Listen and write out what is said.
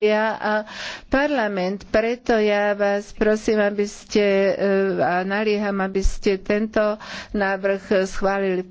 ja a parlament. Preto ja vás prosím, aby ste e, a nalieham, aby ste tento návrh schválili.